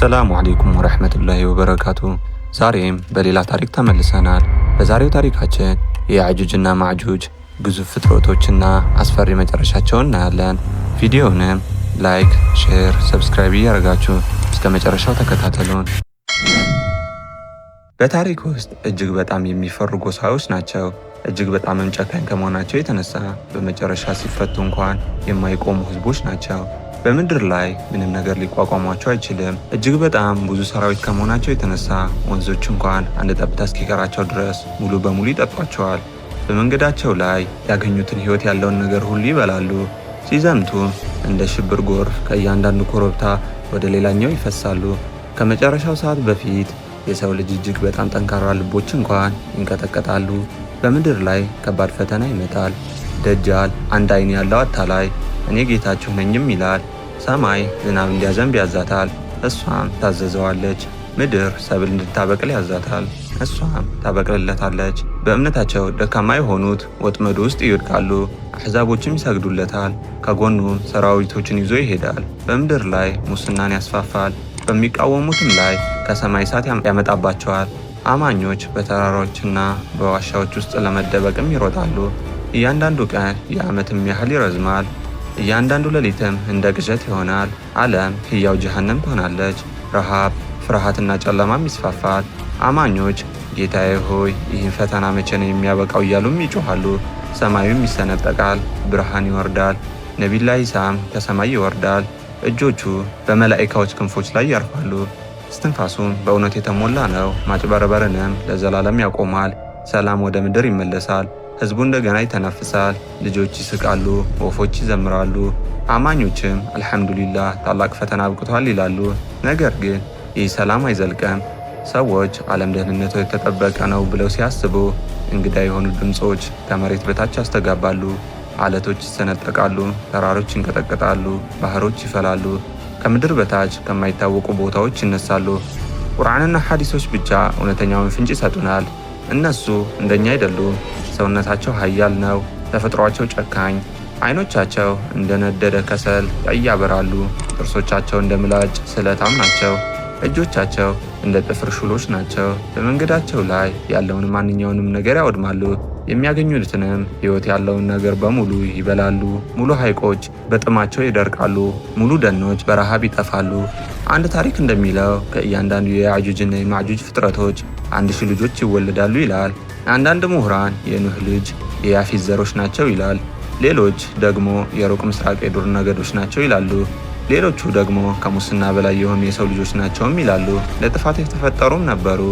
አሰላሙ አሌይኩም ወረሕመቱላሂ ወበረካቱ። ዛሬም በሌላ ታሪክ ተመልሰናል። በዛሬው ታሪካችን የአጁጅና ማዕጁጅ ግዙፍ ፍጥረቶችና አስፈሪ መጨረሻቸውን እናያለን። ቪዲዮውንም ላይክ፣ ሼር፣ ሰብስክራይብ እያደረጋችሁ እስከ መጨረሻው ተከታተሉን። በታሪክ ውስጥ እጅግ በጣም የሚፈሩ ጎሳዎች ናቸው። እጅግ በጣምም ጨካኝ ከመሆናቸው የተነሳ በመጨረሻ ሲፈቱ እንኳን የማይቆሙ ህዝቦች ናቸው። በምድር ላይ ምንም ነገር ሊቋቋሟቸው አይችልም። እጅግ በጣም ብዙ ሰራዊት ከመሆናቸው የተነሳ ወንዞች እንኳን አንድ ጠብታ እስኪቀራቸው ድረስ ሙሉ በሙሉ ይጠጧቸዋል። በመንገዳቸው ላይ ያገኙትን ህይወት ያለውን ነገር ሁሉ ይበላሉ። ሲዘምቱ እንደ ሽብር ጎርፍ ከእያንዳንዱ ኮረብታ ወደ ሌላኛው ይፈሳሉ። ከመጨረሻው ሰዓት በፊት የሰው ልጅ እጅግ በጣም ጠንካራ ልቦች እንኳን ይንቀጠቀጣሉ። በምድር ላይ ከባድ ፈተና ይመጣል። ደጃል አንድ አይን ያለው አታላይ እኔ ጌታችሁ ነኝም ይላል። ሰማይ ዝናብ እንዲያዘንብ ያዛታል፣ እሷም ታዘዘዋለች። ምድር ሰብል እንድታበቅል ያዛታል፣ እሷም ታበቅልለታለች። በእምነታቸው ደካማ የሆኑት ወጥመዱ ውስጥ ይወድቃሉ፣ አሕዛቦችም ይሰግዱለታል። ከጎኑም ሰራዊቶችን ይዞ ይሄዳል። በምድር ላይ ሙስናን ያስፋፋል፣ በሚቃወሙትም ላይ ከሰማይ እሳት ያመጣባቸዋል። አማኞች በተራሮችና በዋሻዎች ውስጥ ለመደበቅም ይሮጣሉ። እያንዳንዱ ቀን የዓመትም ያህል ይረዝማል። እያንዳንዱ ሌሊትም እንደ ግዠት ይሆናል። ዓለም ህያው ጀሃነም ትሆናለች። ረሃብ፣ ፍርሃትና ጨለማም ይስፋፋል። አማኞች ጌታዬ ሆይ ይህን ፈተና መቼ ነው የሚያበቃው እያሉም ይጮኋሉ። ሰማዩም ይሰነጠቃል፣ ብርሃን ይወርዳል። ነቢላ ኢሳም ከሰማይ ይወርዳል። እጆቹ በመላእካዎች ክንፎች ላይ ያርፋሉ። እስትንፋሱም በእውነት የተሞላ ነው። ማጭበርበርንም ለዘላለም ያቆማል። ሰላም ወደ ምድር ይመለሳል። ህዝቡ እንደገና ይተነፍሳል፣ ልጆች ይስቃሉ፣ ወፎች ይዘምራሉ፣ አማኞችም አልሐምዱሊላህ ታላቅ ፈተና አብቅቷል ይላሉ። ነገር ግን ይህ ሰላም አይዘልቀም። ሰዎች ዓለም ደህንነቱ የተጠበቀ ነው ብለው ሲያስቡ እንግዳ የሆኑ ድምፆች ከመሬት በታች ያስተጋባሉ። አለቶች ይሰነጠቃሉ፣ ተራሮች ይንቀጠቀጣሉ፣ ባህሮች ይፈላሉ፣ ከምድር በታች ከማይታወቁ ቦታዎች ይነሳሉ። ቁርአንና ሐዲሶች ብቻ እውነተኛውን ፍንጭ ይሰጡናል። እነሱ እንደኛ አይደሉም። ሰውነታቸው ኃያል ነው፣ ተፈጥሯቸው ጨካኝ፣ አይኖቻቸው እንደነደደ ከሰል ያበራሉ፣ ጥርሶቻቸው እንደ ምላጭ ስለታም ናቸው፣ እጆቻቸው እንደ ጥፍር ሹሎች ናቸው። በመንገዳቸው ላይ ያለውን ማንኛውንም ነገር ያወድማሉ። የሚያገኙትንም ህይወት ያለውን ነገር በሙሉ ይበላሉ። ሙሉ ሐይቆች በጥማቸው ይደርቃሉ። ሙሉ ደኖች በረሃብ ይጠፋሉ። አንድ ታሪክ እንደሚለው ከእያንዳንዱ የአጁጅና የማዕጁጅ ፍጥረቶች አንድ ሺህ ልጆች ይወለዳሉ ይላል። አንዳንድ ምሁራን የኑህ ልጅ የያፊት ዘሮች ናቸው ይላል። ሌሎች ደግሞ የሩቅ ምስራቅ የዱር ነገዶች ናቸው ይላሉ። ሌሎቹ ደግሞ ከሙስና በላይ የሆኑ የሰው ልጆች ናቸውም ይላሉ። ለጥፋት የተፈጠሩም ነበሩ።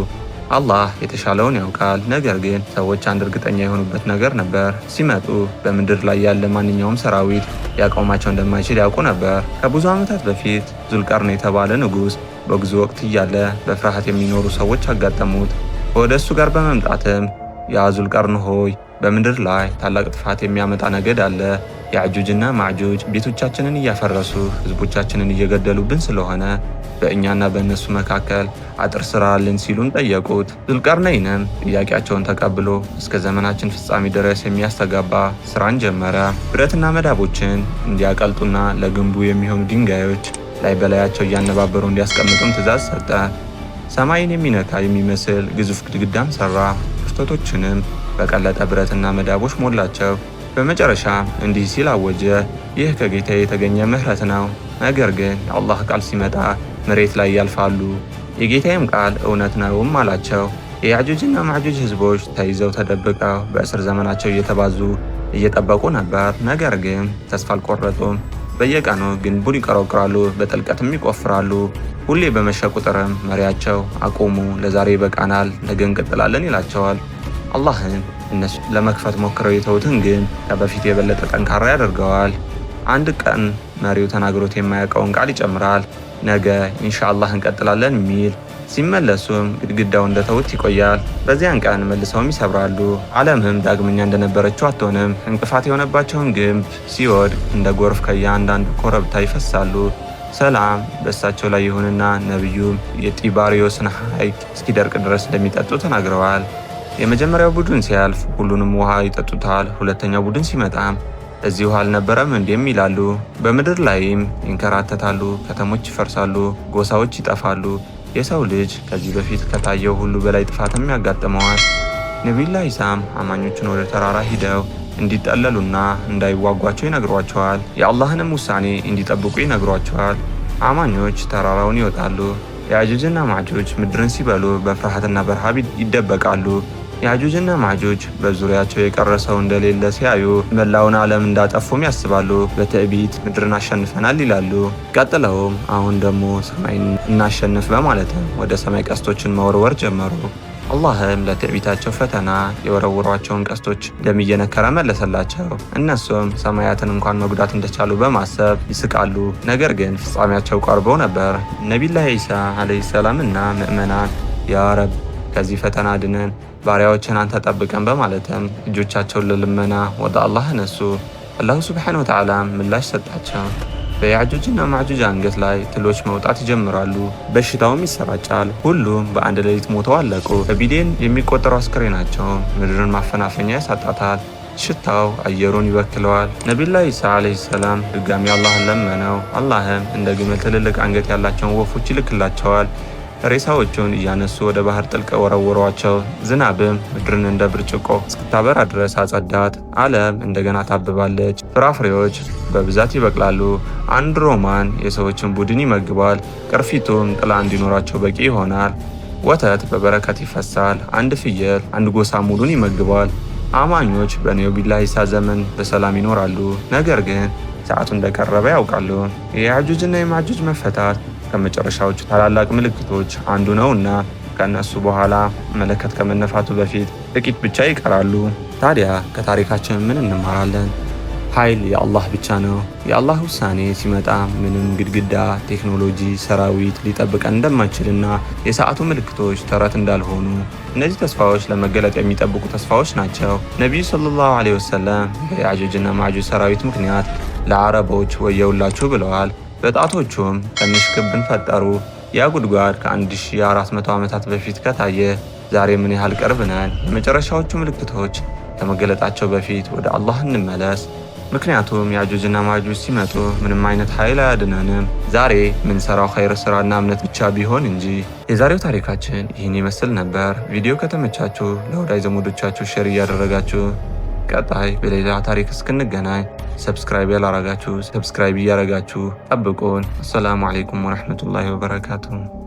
አላህ የተሻለውን ያውቃል። ነገር ግን ሰዎች አንድ እርግጠኛ የሆኑበት ነገር ነበር። ሲመጡ በምድር ላይ ያለ ማንኛውም ሰራዊት ሊያቆማቸው እንደማይችል ያውቁ ነበር። ከብዙ ዓመታት በፊት ዙልቀርን የተባለ ንጉሥ በጉዞ ወቅት እያለ በፍርሃት የሚኖሩ ሰዎች አጋጠሙት። ወደ እሱ ጋር በመምጣትም ያ ዙልቀርን ሆይ በምድር ላይ ታላቅ ጥፋት የሚያመጣ ነገድ አለ የአጁጅና ማዕጁጅ ቤቶቻችንን እያፈረሱ ህዝቦቻችንን እየገደሉብን ስለሆነ በእኛና በእነሱ መካከል አጥር ስራልን ሲሉን ጠየቁት። ዙልቀርነይንም ጥያቄያቸውን ተቀብሎ እስከ ዘመናችን ፍጻሜ ድረስ የሚያስተጋባ ስራን ጀመረ። ብረትና መዳቦችን እንዲያቀልጡና ለግንቡ የሚሆኑ ድንጋዮች ላይ በላያቸው እያነባበሩ እንዲያስቀምጡም ትእዛዝ ሰጠ። ሰማይን የሚነካ የሚመስል ግዙፍ ግድግዳም ሰራ። ክፍተቶችንም በቀለጠ ብረትና መዳቦች ሞላቸው። በመጨረሻ እንዲህ ሲል አወጀ፣ ይህ ከጌታ የተገኘ ምህረት ነው። ነገር ግን የአላህ ቃል ሲመጣ መሬት ላይ ያልፋሉ፣ የጌታዬም ቃል እውነት ነውም አላቸው። የያጁጅና ማጁጅ ህዝቦች ተይዘው ተደብቀው በእስር ዘመናቸው እየተባዙ እየጠበቁ ነበር። ነገር ግን ተስፋ አልቆረጡም። በየቀኑ ግንቡን ይቀረቅራሉ፣ በጥልቀትም ይቆፍራሉ። ሁሌ በመሸ ቁጥርም መሪያቸው አቁሙ፣ ለዛሬ ይበቃናል፣ ነገ እንቀጥላለን ይላቸዋል። አላህን እነሱ ለመክፈት ሞክረው የተውትን ግን ከበፊት የበለጠ ጠንካራ ያደርገዋል። አንድ ቀን መሪው ተናግሮት የማያውቀውን ቃል ይጨምራል። ነገ ኢንሻአላህ እንቀጥላለን የሚል ሲመለሱም ግድግዳው እንደተውት ይቆያል። በዚያን ቀን መልሰውም ይሰብራሉ። ዓለምም ዳግመኛ እንደነበረችው አትሆንም። እንቅፋት የሆነባቸውን ግንብ ሲወድቅ እንደ ጎርፍ ከእያንዳንዱ ኮረብታ ይፈሳሉ። ሰላም በእሳቸው ላይ ይሁንና ነቢዩም የጢባሪዮስን ሐይቅ እስኪደርቅ ድረስ እንደሚጠጡ ተናግረዋል። የመጀመሪያው ቡድን ሲያልፍ ሁሉንም ውሃ ይጠጡታል። ሁለተኛው ቡድን ሲመጣም እዚህ ውሃ አልነበረም እንዲም ይላሉ። በምድር ላይም ይንከራተታሉ፣ ከተሞች ይፈርሳሉ፣ ጎሳዎች ይጠፋሉ። የሰው ልጅ ከዚህ በፊት ከታየው ሁሉ በላይ ጥፋትም ያጋጥመዋል። ነቢላ ኢሳም አማኞችን ወደ ተራራ ሂደው እንዲጠለሉና እንዳይዋጓቸው ይነግሯቸዋል። የአላህንም ውሳኔ እንዲጠብቁ ይነግሯቸዋል። አማኞች ተራራውን ይወጣሉ። የአጁጅና ማጁጅ ምድርን ሲበሉ በፍርሃትና በረሃብ ይደበቃሉ። ያጁጅና ማጁጅ በዙሪያቸው የቀረ ሰው እንደሌለ ሲያዩ መላውን ዓለም እንዳጠፉም ያስባሉ። በትዕቢት ምድርን አሸንፈናል ይላሉ። ቀጥለውም አሁን ደግሞ ሰማይን እናሸንፍ በማለትም ወደ ሰማይ ቀስቶችን መወርወር ጀመሩ። አላህም ለትዕቢታቸው ፈተና የወረውሯቸውን ቀስቶች ደም እየነከረ መለሰላቸው። እነሱም ሰማያትን እንኳን መጉዳት እንደቻሉ በማሰብ ይስቃሉ። ነገር ግን ፍጻሜያቸው ቀርቦ ነበር። ነቢላህ ዒሳ ዓለይሂ ሰላምና ምእመናን ያ ረብ ከዚህ ፈተና ድነን ባሪያዎችን አንተ ጠብቀን በማለትም እጆቻቸውን ለልመና ወደ አላህ ነሱ አላሁ ስብሓን ወተዓላ ምላሽ ሰጣቸው። በያዕጁጅና ማዕጁጅ አንገት ላይ ትሎች መውጣት ይጀምራሉ። በሽታውም ይሰራጫል። ሁሉም በአንድ ሌሊት ሞተው አለቁ። በቢሊዮን የሚቆጠሩ ናቸው። ምድርን ማፈናፈኛ ያሳጣታል። ሽታው አየሩን ይበክለዋል። ነቢዩላህ ኢሳ ዓለይሂ ሰላም ድጋሚ አላህን ለመነው። አላህም እንደ ግመል ትልልቅ አንገት ያላቸውን ወፎች ይልክላቸዋል። ሬሳዎቹን እያነሱ ወደ ባህር ጥልቅ ወረወሯቸው። ዝናብም ምድርን እንደ ብርጭቆ እስክታበራ ድረስ አጸዳት። ዓለም እንደገና ታብባለች። ፍራፍሬዎች በብዛት ይበቅላሉ። አንድ ሮማን የሰዎችን ቡድን ይመግባል። ቅርፊቱም ጥላ እንዲኖራቸው በቂ ይሆናል። ወተት በበረከት ይፈሳል። አንድ ፍየል አንድ ጎሳ ሙሉን ይመግባል። አማኞች በኔቢላ ሂሳብ ዘመን በሰላም ይኖራሉ። ነገር ግን ሰዓቱ እንደቀረበ ያውቃሉ። የያጁጅና የማጁጅ መፈታት ከመጨረሻዎቹ ታላላቅ ምልክቶች አንዱ ነው እና ከእነሱ በኋላ መለከት ከመነፋቱ በፊት ጥቂት ብቻ ይቀራሉ። ታዲያ ከታሪካችን ምን እንማራለን? ኃይል የአላህ ብቻ ነው። የአላህ ውሳኔ ሲመጣ ምንም ግድግዳ፣ ቴክኖሎጂ፣ ሰራዊት ሊጠብቀን እንደማይችልና የሰዓቱ ምልክቶች ተረት እንዳልሆኑ እነዚህ ተስፋዎች ለመገለጥ የሚጠብቁ ተስፋዎች ናቸው። ነቢዩ ሰለላሁ ዐለይሂ ወሰለም በያጁጅና ማጁጅ ሰራዊት ምክንያት ለአረቦች ወየውላችሁ ብለዋል። በጣቶቹም ትንሽ ክብን ፈጠሩ። ያ ጉድጓድ ከ1400 ዓመታት በፊት ከታየ ዛሬ ምን ያህል ቅርብ ነን? የመጨረሻዎቹ ምልክቶች ከመገለጣቸው በፊት ወደ አላህ እንመለስ። ምክንያቱም ያጁጅና ማጁጅ ሲመጡ ምንም አይነት ኃይል አያድነንም። ዛሬ ምንሰራው ኸይር ስራና እምነት ብቻ ቢሆን እንጂ። የዛሬው ታሪካችን ይህን ይመስል ነበር። ቪዲዮ ከተመቻችሁ ለወዳጅ ዘመዶቻችሁ ሼር እያደረጋችሁ ቀጣይ በሌላ ታሪክ እስክንገናኝ ሰብስክራይብ ያላረጋችሁ ሰብስክራይብ እያረጋችሁ ጠብቁን። አሰላሙ አለይኩም ወረህመቱላሂ ወበረካቱሁ።